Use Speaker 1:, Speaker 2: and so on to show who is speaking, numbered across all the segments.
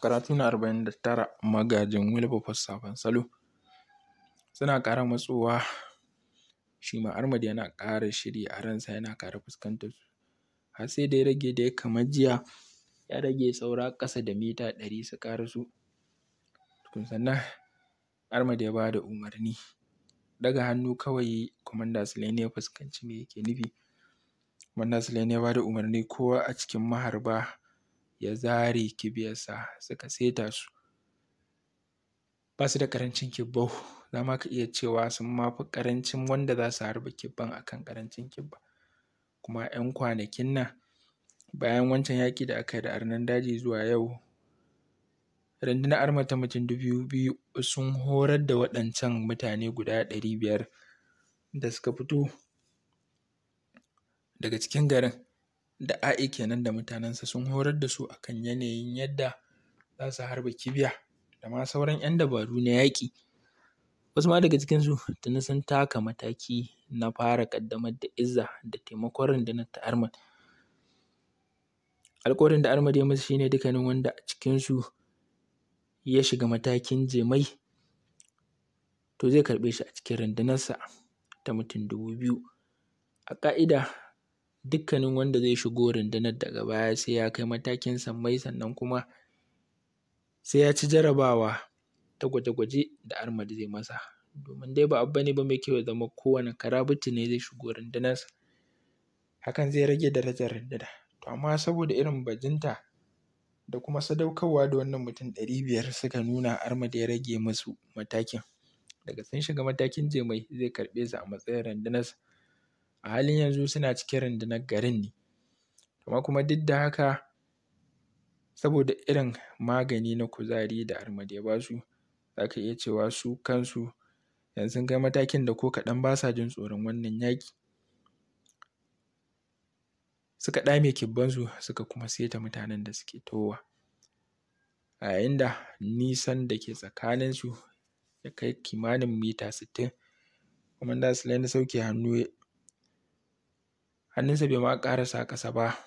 Speaker 1: Karatu na arba'in da tara Magajin Wilberforce safan Salo suna kara matsowa shi ma Ahmad yana kara shiri a ransa yana kara fuskantar su har sai da ya rage da ya kamar jiya ya rage saura ƙasa da mita ɗari su su tukun sannan Ahmad ya ba da umarni Daga hannu kawai Commander Sulaimani ya fuskanci me yake nufi Commander Sulaimani ya ba da umarni kowa a cikin maharba ya zare kibiyarsa suka saita su ba su da ƙarancin kibbau za ma ka iya cewa sun ma fi ƙarancin wanda za su harba kibban a kan ƙarancin kibba kuma 'yan kwanakin nan bayan wancan yaƙi da aka yi da arnan daji zuwa yau rundunar armar ta mutum dubu biyu sun horar da waɗancan mutane guda ɗari biyar da suka fito daga cikin garin da A'i kenan da mutanensa sun horar da su akan yanayin yadda za su harba kibiya da ma sauran ‘yan dabaru na yaƙi. Wasu ma daga cikinsu tuni sun taka mataki na fara ƙaddamar da izza da taimakon rundunar ta Armed. Alƙawarin da Armed ya musu shi ne dukkanin wanda a cikinsu ya shiga matakin jemai to zai karɓe shi a cikin rundunarsa ta mutum dubu biyu. A ƙa'ida dukkanin wanda zai shigo rundunar daga baya sai ya kai matakin sammai sannan kuma sai ya ci jarabawa ta gwaje-gwaje da Ahmad zai masa domin dai ba abu bane ba mai kyau ya zama kowane karabici ne zai shigo rundunarsa hakan zai rage darajar rundunar to amma saboda irin bajinta da kuma sadaukarwa da wannan mutum ɗari biyar suka nuna Ahmad ya rage masu matakin daga sun shiga matakin jemai zai karɓe su a matsayin rundunarsa a halin yanzu suna cikin rundunar garin ne amma kuma duk da haka saboda irin magani na kuzari da Armad ya basu za ka iya cewa su kansu yanzu sun kai matakin da ko kaɗan ba sa jin tsoron wannan yaƙi suka ɗame kibbansu suka kuma saita mutanen da suke towa a yayin da nisan da ke tsakaninsu ya kai kimanin mita sittin kuma da su na sauke hannu hannunsa bai ma ƙarasa ƙasa ba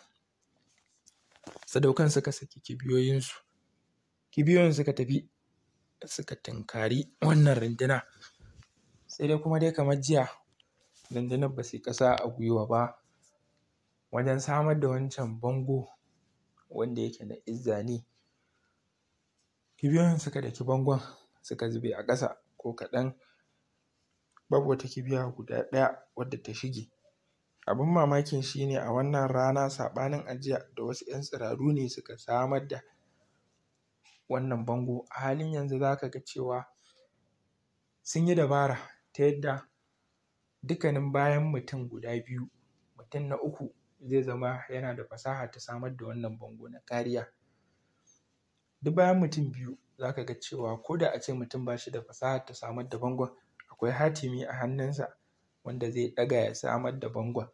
Speaker 1: sadaukan suka saki kibiyoyinsu kibiyoyin suka tafi suka tunkari wannan runduna sai dai kuma dai kamar jiya rundunar ba su yi ƙasa a gwiwa ba wajen samar da wancan bango wanda yake na izza ne kibiyoyin suka daki bangon suka zube a ƙasa ko kaɗan babu wata kibiya guda ɗaya wadda ta shige Abin mamakin shi ne a wannan rana saɓanin ajiya da wasu 'yan tsiraru ne suka samar da wannan bango. A halin yanzu za ka ga cewa sun yi dabara ta yadda dukkanin bayan mutum guda biyu, mutum na uku zai zama yana da fasaha ta samar da wannan bango na kariya. Duk bayan mutum biyu za ka ga cewa ko da a ce mutum ba shi da fasahar ta samar da bangon akwai hatimi a hannunsa wanda zai ɗaga ya samar da bangon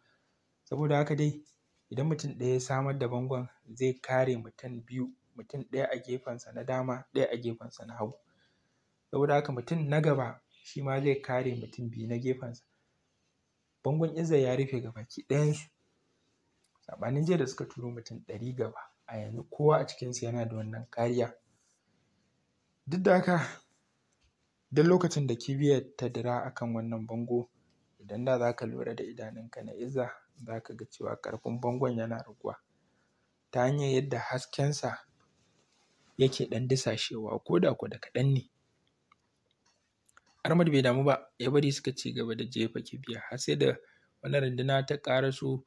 Speaker 1: saboda haka dai idan mutum ɗaya ya samar da bangon zai kare mutum biyu mutum ɗaya a gefensa na dama ɗaya a gefensa na hagu saboda haka mutum na gaba shi ma zai kare mutum biyu na gefensa bangon iza ya rufe gabaki ɗayansu saɓanin jiya da suka turo mutum ɗari gaba a yanzu kowa a cikinsu yana da wannan kariya duk da haka duk lokacin da kibiyar ta dira akan wannan bango Idan da zaka lura da idanunka na iza zaka ga cewa ƙarfin bangon yana raguwa ta hanyar yadda haskensa yake ɗan dusashewa ko da ko da kaɗan ne. Ahmad bai damu ba ya bari suka ci gaba da jefa kibiya har sai da wani runduna ta ƙaraso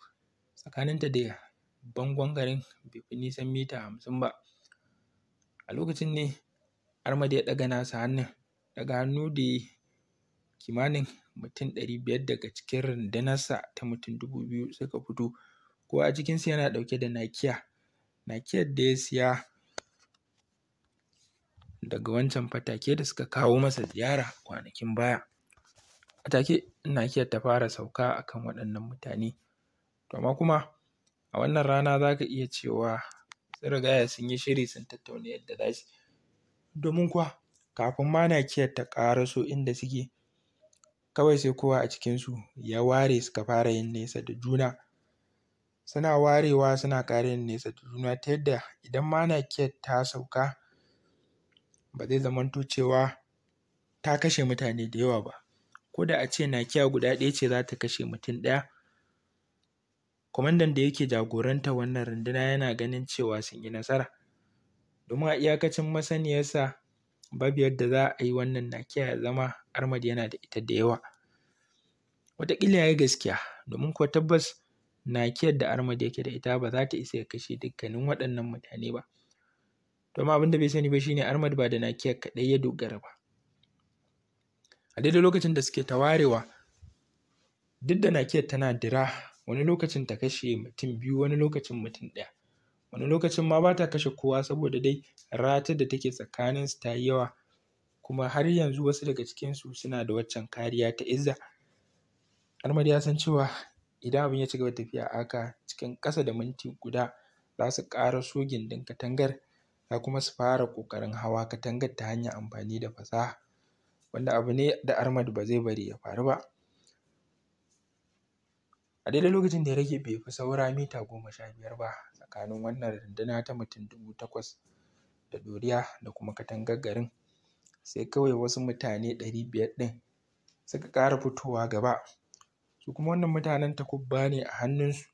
Speaker 1: tsakaninta da bangon garin bai fi nisan mita hamsin ba. A lokacin ne Ahmad ya ɗaga nasa hannun, ɗaga hannu da ya kimanin mutum ɗari biyar daga cikin rundunarsa ta mutum dubu biyu suka fito ko a cikinsu yana ɗauke da nakiya nakiyar da ya siya daga wancan fatake da suka kawo masa ziyara kwanakin baya a take nakiyar ta fara sauka akan waɗannan mutane to amma kuma a wannan rana za ka iya cewa sun rigaya sun yi shiri sun tattauna yadda za su domin kuwa kafin ma nakiyar ta ƙaraso inda suke kawai sai kowa a cikinsu ya ware suka fara yin nesa da juna suna warewa suna ƙara yin nesa da juna ta yadda idan ma nakiyar ta sauka ba zai zamanto cewa ta kashe mutane da yawa ba ko da a ce nakiya guda ɗaya ce za ta kashe mutum ɗaya kwamandan da yake jagorantar wannan runduna yana ganin cewa sun yi nasara domin a iyakacin masaniyarsa babu yadda za a yi wannan nakiya ya zama Ahmad yana da ita da yawa. Wataƙila ya yi gaskiya domin kuwa tabbas nakiyar da Ahmad yake da ita ba za ta isa ya kashe dukkanin waɗannan mutane ba. To amma abin da bai sani ba shine ne Ahmad ba da nakiyar kaɗai ya dogara ba. A daidai lokacin da suke tawarewa duk da nakiyar tana dira wani lokacin ta kashe mutum biyu wani lokacin mutum ɗaya. wani lokacin ma bata kashe kowa saboda dai ratar da take tsakaninsu ta yi yawa kuma har yanzu wasu daga cikin su suna da waccan kariya ta izza Ahmad ya san cewa idan abin ya ci gaba tafiya a haka cikin ƙasa da minti guda za su ƙaraso gindin katangar za kuma su fara ƙoƙarin hawa katangar ta hanyar amfani da fasaha wanda abu ne da Ahmad ba zai bari ya faru ba a daidai lokacin da ya rage bai fi saura mita goma sha biyar ba tsakanin wannan runduna ta mutum dubu takwas da ɗoriya da kuma katangar garin sai kawai wasu mutane ɗari biyar ɗin suka ƙara fitowa gaba su kuma wannan mutanen takubba ne a hannunsu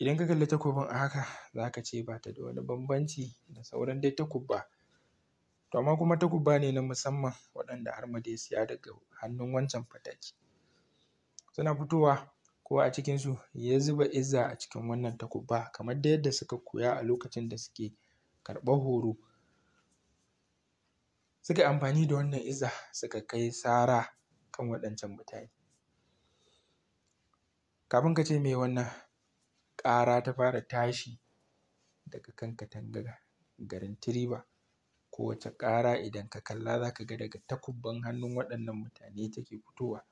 Speaker 1: idan ka kalli takobin a haka za ka ce ba ta da wani bambanci da sauran dai takubba to amma kuma takubba ne na musamman waɗanda har ya siya daga hannun wancan fataki suna fitowa kowa a cikin su ya zuba izza a cikin wannan takubba kamar da yadda suka koya a lokacin da suke karɓar horo suka amfani da wannan izza suka kai sara kan waɗancan mutane kafin ka ce me wannan ƙara ta fara tashi daga kan katanga garin Tiriba kowace ƙara idan ka kalla za ka ga daga takubban hannun waɗannan mutane take fitowa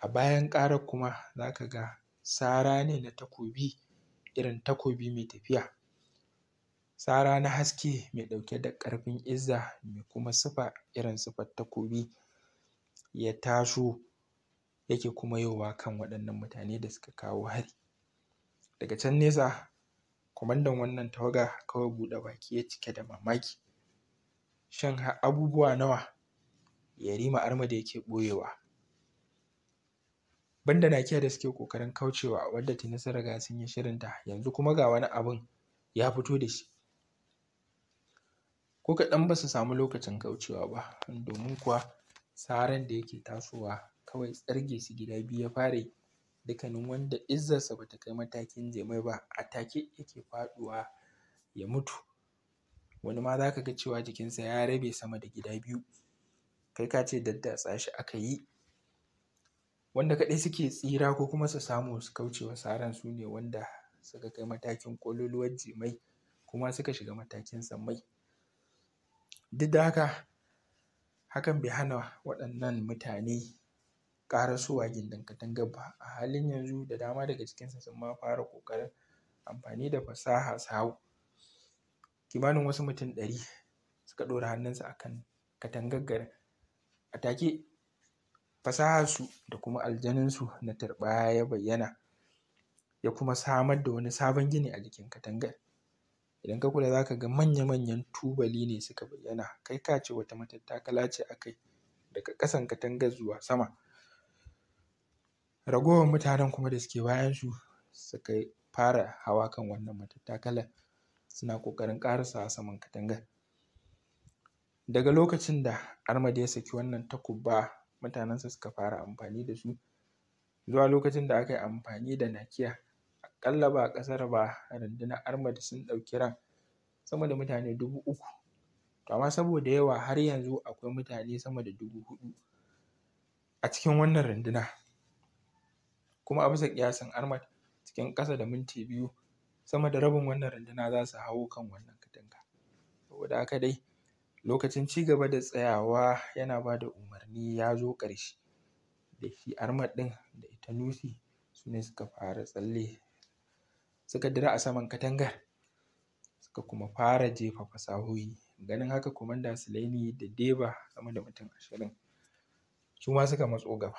Speaker 1: a bayan ƙara kuma za ka ga sara ne na takobi irin takobi mai tafiya sara na haske mai ɗauke da ƙarfin izza mai kuma sifa irin sifar takobi ya taso yake kuma yowa kan waɗannan mutane da suka kawo hari daga can nesa kwamandan wannan tawaga kawai buɗe baki ya cike da mamaki shin abubuwa nawa yarima arma yake ɓoyewa banda Nakiya da suke ƙoƙarin kaucewa wadda ta nasara ga sun yi shirinta yanzu kuma ga wani abun ya fito da shi ko kaɗan ba su samu lokacin kaucewa ba domin kuwa saran da yake tasowa kawai tsarge su gida biyu ya fara yi dukkanin wanda izzarsa ba ta kai matakin jemai ba a take yake faɗuwa ya mutu wani ma za ka ga cewa jikinsa ya rabe sama da gida biyu kai ka ce daddatsa shi aka yi wanda kaɗai suke tsira ko kuma su samu su kauce wa saran su ne wanda suka kai matakin ƙololuwar jimai kuma suka shiga matakin samai? duk da haka hakan bai hana waɗannan mutane ƙarasowa gindin katangar ba a halin yanzu da dama daga cikinsa sun ma fara ƙoƙarin amfani da fasaha su hau kimanin wasu mutum ɗari suka ɗora hannunsu a kan katangar a take fasaharsu da kuma aljaninsu na tarba ya bayyana ya kuma samar da wani sabon gini a jikin katangar idan ka kula za ka ga manya-manyan tubali ne suka bayyana kai ka ce wata matattakala ce a kai daga ƙasan katangar zuwa sama ragowar mutanen kuma da suke bayansu suka fara hawa kan wannan matattakalar suna ƙoƙarin ƙarasawa saman katangar daga lokacin da Ahmad ya saki wannan takubba mutanensa suka fara amfani da su zuwa lokacin da aka yi amfani da nakiya aƙalla ba ƙasar ba rundunar armada sun ɗauki ran sama da mutane dubu uku to amma saboda yawa har yanzu akwai mutane sama da dubu huɗu a cikin wannan runduna kuma a bisa ƙiyasin armad cikin ƙasa da minti biyu sama da rabin wannan runduna za su hau kan wannan katanga saboda haka dai Lokacin ci gaba da tsayawa yana ba da umarni ya zo ƙarshe, da shi Ahmad ɗin da ita Lucy su ne suka fara tsalle suka dira a saman katangar suka kuma fara jefa fasahohi. Ganin haka Kwamanda Sulaimi da Deba sama da mutum ashirin su ma suka matso gaba.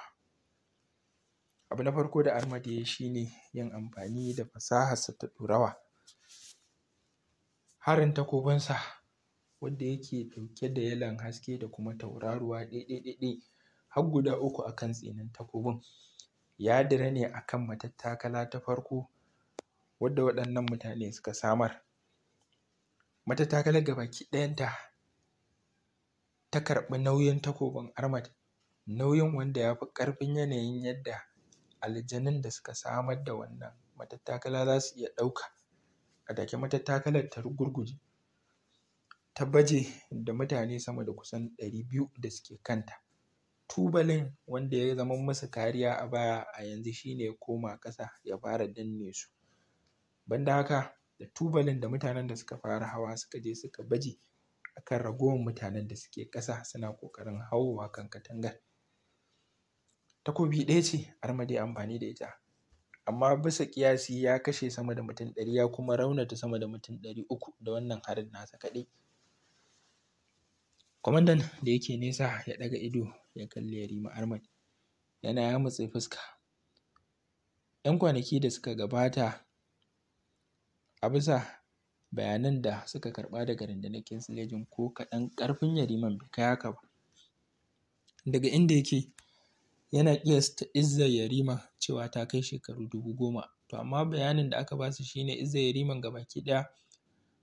Speaker 1: Abu na farko da armad ya yi shi ne yin amfani da fasaharsa ta ɗorawa, harin takobinsa wanda yake ɗauke da yalon haske da kuma tauraruwa ɗai-ɗai-ɗai har guda uku a kan tsinin takobin ya dira ne a kan matattakala ta farko wadda waɗannan mutane suka samar matattakalar gabaki ɗayanta ta karɓi nauyin takobin Ahmad nauyin wanda ya fi ƙarfin yanayin yadda aljanun da suka samar da wannan matattakala za su iya ɗauka a take matattakalar ta gurguje. ta baje da mutane sama da kusan ɗari biyu da suke kanta. Tubalin wanda ya zama musu kariya a baya a yanzu shi ne ya koma ƙasa ya fara danne su. Banda haka da tubalin da mutanen da suka fara hawa suka je suka baje a kan ragowar mutanen da suke ƙasa suna ƙoƙarin hauwa kan katangar. Takobi ɗaya ce Arma dai amfani da ita, amma bisa ƙiyasi ya kashe sama da mutum ɗari ya kuma raunata sama da mutum ɗari uku da wannan harin nasa kaɗai. Kwamandan da yake nesa ya ɗaga ido ya kalli Yarima Ahmad yana yamutse fuska. ‘Yan kwanaki da suka gabata a bisa bayanan da suka karɓa daga rundunar Kinsilejin ko kaɗan ƙarfin Yariman bai kai haka ba. Daga inda yake yana ƙiyasta izzar Yarima cewa ta kai shekaru dubu goma to amma bayanin da aka ba su shi ne izzar Yariman gabaki ɗaya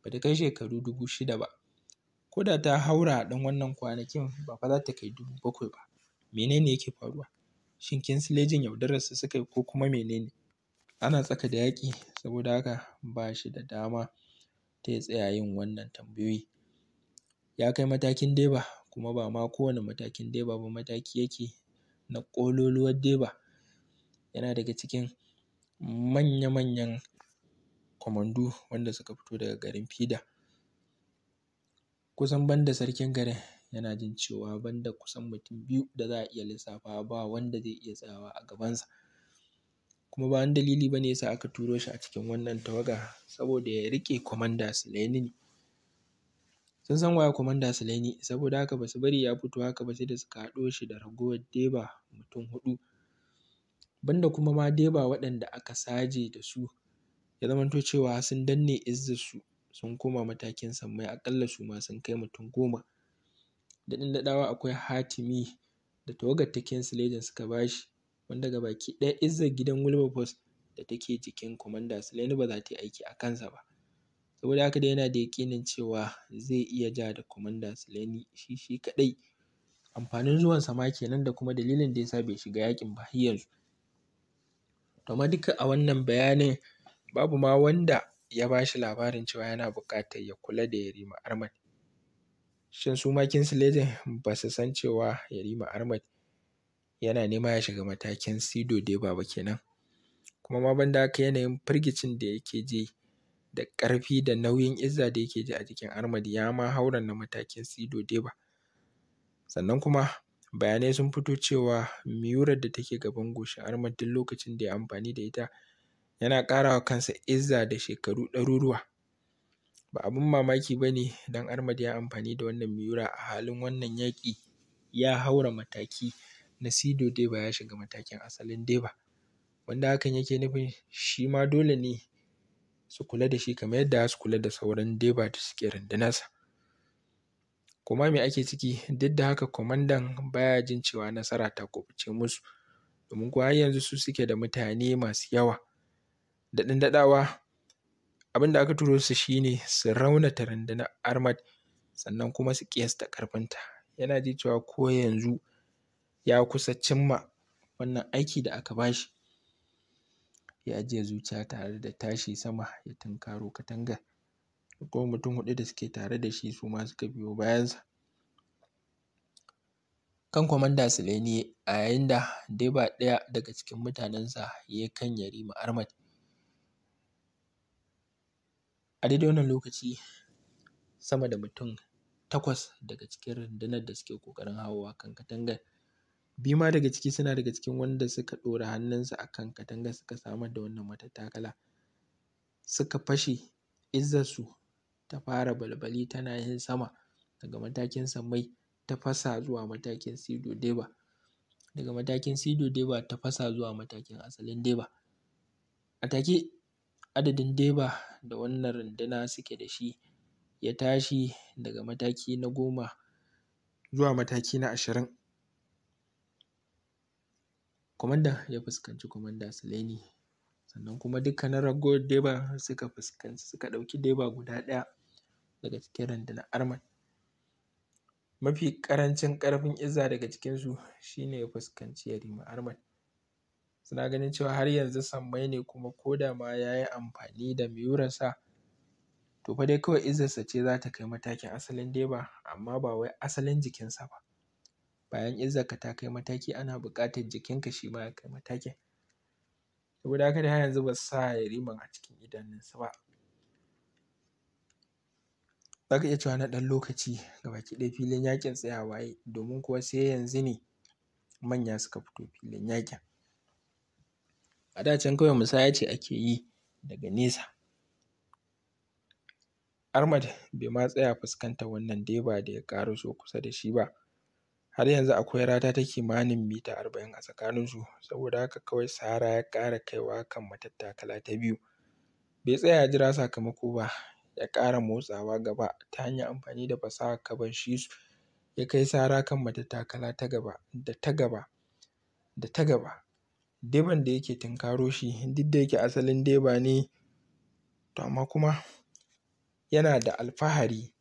Speaker 1: ba ta kai shekaru dubu shida ba. ko da ta haura ɗan wannan kwanakin ba fa za ta kai dubu bakwai ba mene ne yake faruwa shin kinsilejin yaudararsa suka yi ko kuma mene ne ana tsaka da yaƙi saboda haka ba shi da dama ta ya tsaya yin wannan tambayoyi ya kai matakin deba kuma ba ma kowane matakin deba ba mataki yake na ƙololuwar deba yana daga cikin manya-manyan kwamandu wanda suka fito daga garin fida kusan banda sarkin garin yana jin cewa banda kusan mutum biyu da za a iya lissafawa ba wanda zai iya tsayawa a gabansa kuma ba wani dalili ba ne ya sa aka turo shi a cikin wannan tawaga saboda ya riƙe kwamanda Sulaini ne sun san waye kwamanda Sulaini saboda haka ba su bari ya fito haka ba sai da suka haɗo shi da ragowar Deba mutum huɗu banda kuma ma Deba waɗanda aka saje da su ya zamanto cewa sun danne izzarsu sun koma matakin sammai aƙalla su ma sun kai mutum goma. Daɗin daɗawa akwai Hatimi da tawagar ta suka ba shi wanda baki ɗaya izzar gidan Wilberforce da take jikin Commander Sulaimani ba za ta yi aiki a kansa ba. Saboda haka dai yana da yaƙinin cewa zai iya ja da Commander Sulaimani shi shi kaɗai. Amfanin zuwansa ma kenan da kuma dalilin da ya sa bai shiga yaƙin ba har yanzu. To amma duka a wannan bayanin babu ma wanda ya ba shi labarin cewa yana buƙatar ya kula da Yarima Ahmad. Shin su ma Kinsilejin ba su san cewa Yarima Ahmad yana nema ya shiga matakin Sido Deba ba kenan. Kuma ma banda haka yanayin firgicin da yake ji da ƙarfi da nauyin izza da yake ji a jikin Ahmad ya ma haura na matakin Sido Deba. Sannan kuma bayanai sun fito cewa miyurar da take gaban goshin Ahmad duk lokacin da ya yi amfani da ita yana ƙarawa kansa izza da shekaru ɗaruruwa ba abin mamaki ba ne don Ahmad ya amfani da wannan miyura a halin wannan yaƙi ya haura mataki na Sido Deba ya shiga matakin asalin Deba wanda hakan yake nufin shi ma dole ne su kula da shi kamar yadda za su kula da sauran Deba da suke rundunarsa kuma me ake ciki duk da haka kwamandan baya jin cewa nasara ta kuɓuce musu domin kuwa har yanzu su suke da mutane masu yawa daɗin daɗawa abin da aka turo su shine su raunata rundunar armad sannan kuma su ƙiyasta ƙarfinta yana ji cewa ko yanzu ya kusa cimma wannan aiki da aka bashi ya ajiye zuciya tare da tashi sama ya tunkaro katangar da kuma mutum huɗu da suke tare da shi su ma suka biyo bayansa kan kwamanda Suleni a yayin da Deba ɗaya daga cikin mutanensa ya yi kan Yarima Ahmad A daidai wannan lokaci sama da mutum takwas daga cikin rundunar da suke ƙoƙarin hawowa kan katangar. Biyu ma daga ciki suna daga cikin wanda suka ɗora hannunsu a kan katangar suka samar da wannan matattakala. Suka fashe izzarsu ta fara balbali tana yin sama daga matakin sammai ta fasa zuwa matakin sido daga matakin deba ta fasa zuwa matakin asalin deba. A take adadin Deba da wannan runduna suke da shi ya tashi daga mataki na goma zuwa mataki na ashirin. Kwamandan ya fuskanci Kwamanda Suleini sannan kuma dukkanin ragowar Deba suka fuskanci suka ɗauki Deba guda ɗaya daga cikin rundunar Arman. Mafi ƙarancin ƙarfin Izza daga cikinsu shi ne ya fuskanci Yarima Arman. suna ganin cewa har yanzu sammai ne kuma ko da ma ya yi amfani da miyuransa to fa dai kawai izarsa ce za ta kai matakin asalin deba amma ba wai asalin jikinsa ba bayan izarka ta kai mataki ana buƙatar jikinka shi ma ya kai matakin saboda haka dai har yanzu ba su sa yariman a cikin idanunsu ba za ka iya cewa na ɗan lokaci gabaki ɗaya filin yaƙin tsayawa waye, domin kuwa sai yanzu ne manya suka fito filin yaƙin a da can kawai musaya ce ake yi daga nesa Ahmad bai ma tsaya fuskantar wannan deba da ya karu so kusa da shi ba har yanzu akwai rata ta kimanin mita arba'in a tsakaninsu saboda haka kawai Sahara ya ƙara kaiwa kan matattakala ta biyu bai tsaya ya jira sakamako ba ya ƙara motsawa gaba ta hanyar amfani da fasahar shisu ya kai Sahara kan matattakala ta gaba da ta gaba da ta gaba Deban da yake tinkaro shi duk da yake asalin Deba ne to amma kuma yana da alfahari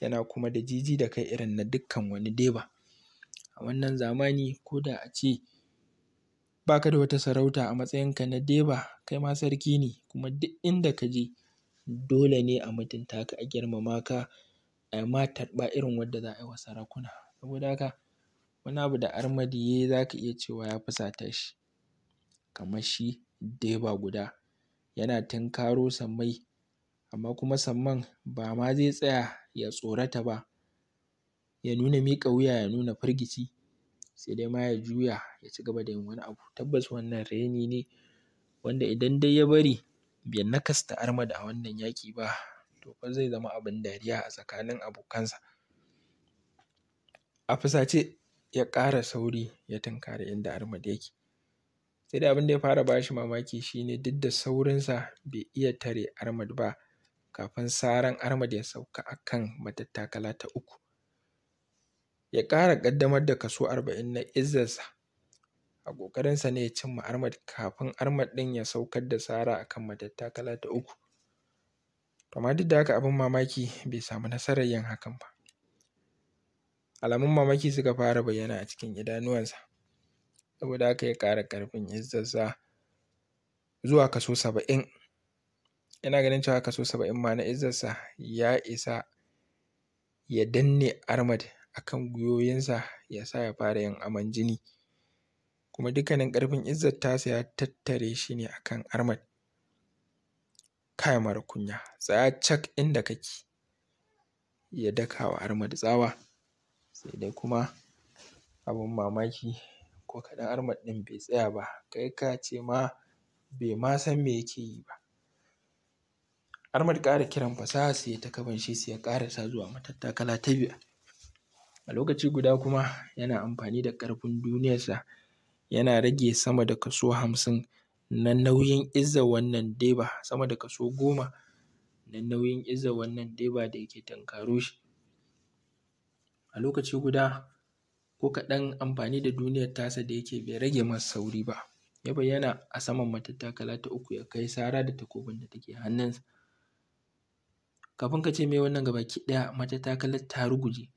Speaker 1: yana kuma da jiji da kai irin na dukkan wani Deba. A wannan zamani ko da a ce, ba ka da wata sarauta a matsayinka na Deba kai ma sarki ne kuma duk inda ka je dole ne a mutunta ka, a girmama ka, a ma tarba irin wanda za a yi wa sarakuna. Saboda haka wani abu da Armadi ya yi za ka iya cewa ya fusata shi. kamar shi ba guda yana tunkaro sammai amma kuma samman ba ma zai tsaya ya tsorata ba ya nuna miƙa wuya ya nuna firgici sai dai ma ya juya ya ci gaba da yin wani abu tabbas wannan raini ne wanda idan dai ya bari bai nakasta Ahmad a wannan yaƙi ba to fa zai zama abin dariya a tsakanin abokansa a fusace ya ƙara sauri ya tunkari inda Ahmad yake sai dai abin da ya fara ba shi mamaki shine duk da saurinsa bai iya tare armad ba kafin saran armad ya sauka a kan matattakala ta uku. Ya ƙara ƙaddamar da kaso arba'in na izzarsa a ƙoƙarinsa ne ya cimma armad kafin armad ɗin ya saukar da sara a kan matattakala ta uku. Amma duk da haka abin mamaki bai samu nasarar yin hakan ba. Alamun mamaki suka fara bayyana a cikin idanuwansa. saboda haka ya ƙara ƙarfin izzaza zuwa kaso saba'in ina ganin cewa kaso saba'in ma na izzarsa ya isa ya danne armad akan gwiwoyinsa ya sa ya fara yin aman jini kuma dukkanin ƙarfin izzar tasa ya tattare shi ne akan armad kai mara kunya tsaya cak inda kake ya daka wa armad tsawa sai dai kuma abin mamaki ko kaɗan Ahmad ɗin bai tsaya ba kai ka ce ma bai ma san me yake yi ba Ahmad ƙara kiran fasaha sai ta kaban shi sai ya ƙarasa zuwa matattakala ta biyar a lokaci guda kuma yana amfani da ƙarfin duniyarsa yana rage sama da kaso hamsin na nauyin izzar wannan deba sama da kaso goma na nauyin izzar wannan deba da yake tunkaro shi a lokaci guda ko kaɗan amfani da duniyar tasa da yake bai rage masa sauri ba ya bayyana a saman matattakala ta uku ya kai sara da takobin da take hannunsa kafin ka ce mai wannan gabaki ɗaya matattakalar ta ruguje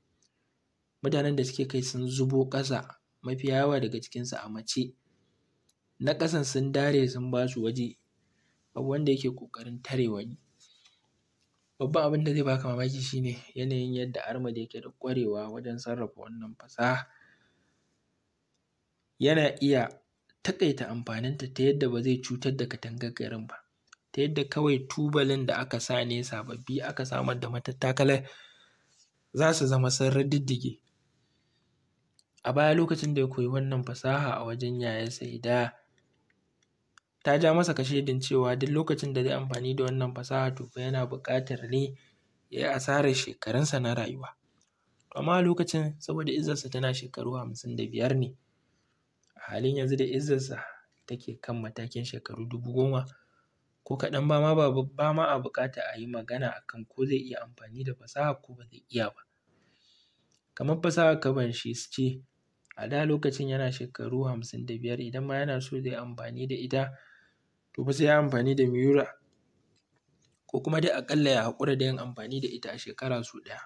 Speaker 1: mutanen da suke kai sun zubo ƙasa mafiya yawa daga cikinsu a mace na ƙasan sun dare sun ba su waje babu wanda yake ƙoƙarin tare wani Babban abin da zai baka mamaki shi ne yanayin yadda Ahmad yake da ƙwarewa wajen sarrafa wannan fasaha. Yana iya taƙaita amfaninta ta yadda ba zai cutar da katangar garin ba, ta yadda kawai tubalin da aka sa ne sababbi aka samar da matattakalar za su zama sun rididdige. A baya lokacin da ya koyi wannan fasaha a wajen yayansa da ta ja masa kashedin cewa duk lokacin da zai amfani da wannan fasaha to fa yana buƙatar ne ya yi asarar shekarunsa na rayuwa. To amma a lokacin saboda Izzarsa tana shekaru hamsin da biyar ne, a halin yanzu da Izzarsa take kan matakin shekaru dubu goma ko kaɗan ba ma ba ma a buƙata a yi magana a kan ko zai iya amfani da fasaha ko ba zai iya ba. Kamar fasahar su ce, a da lokacin yana shekaru hamsin da biyar idan ma yana so zai amfani da ita to fa sai ya yi amfani da Miura ko kuma dai aƙalla ya haƙura da yin amfani da ita a shekara sau ɗaya.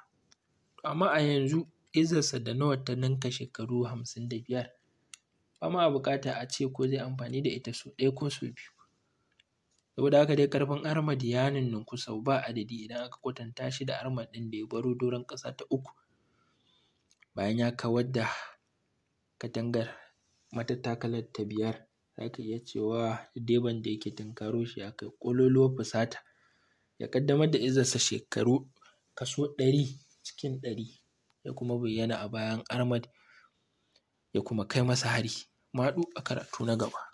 Speaker 1: To amma a yanzu izarsa da nawa ta ninka shekaru hamsin da biyar ba ma buƙatar a ce ko zai amfani da ita sau ɗaya ko sau biyu. Saboda haka dai ƙarfin Ahmad ya nunnuku sau ba adadi idan aka kwatanta shi da Ahmad ɗin da ya baro doron ƙasa ta uku bayan ya kawar da katangar matattakalar ta biyar za ka iya cewa direban da yake tunkaro shi ya kai ƙololuwar fusata ya ƙaddamar da izarsa shekaru kaso ɗari cikin ɗari ya kuma bayyana a bayan armad ya kuma kai masa hari. maɗu a karatu na gaba.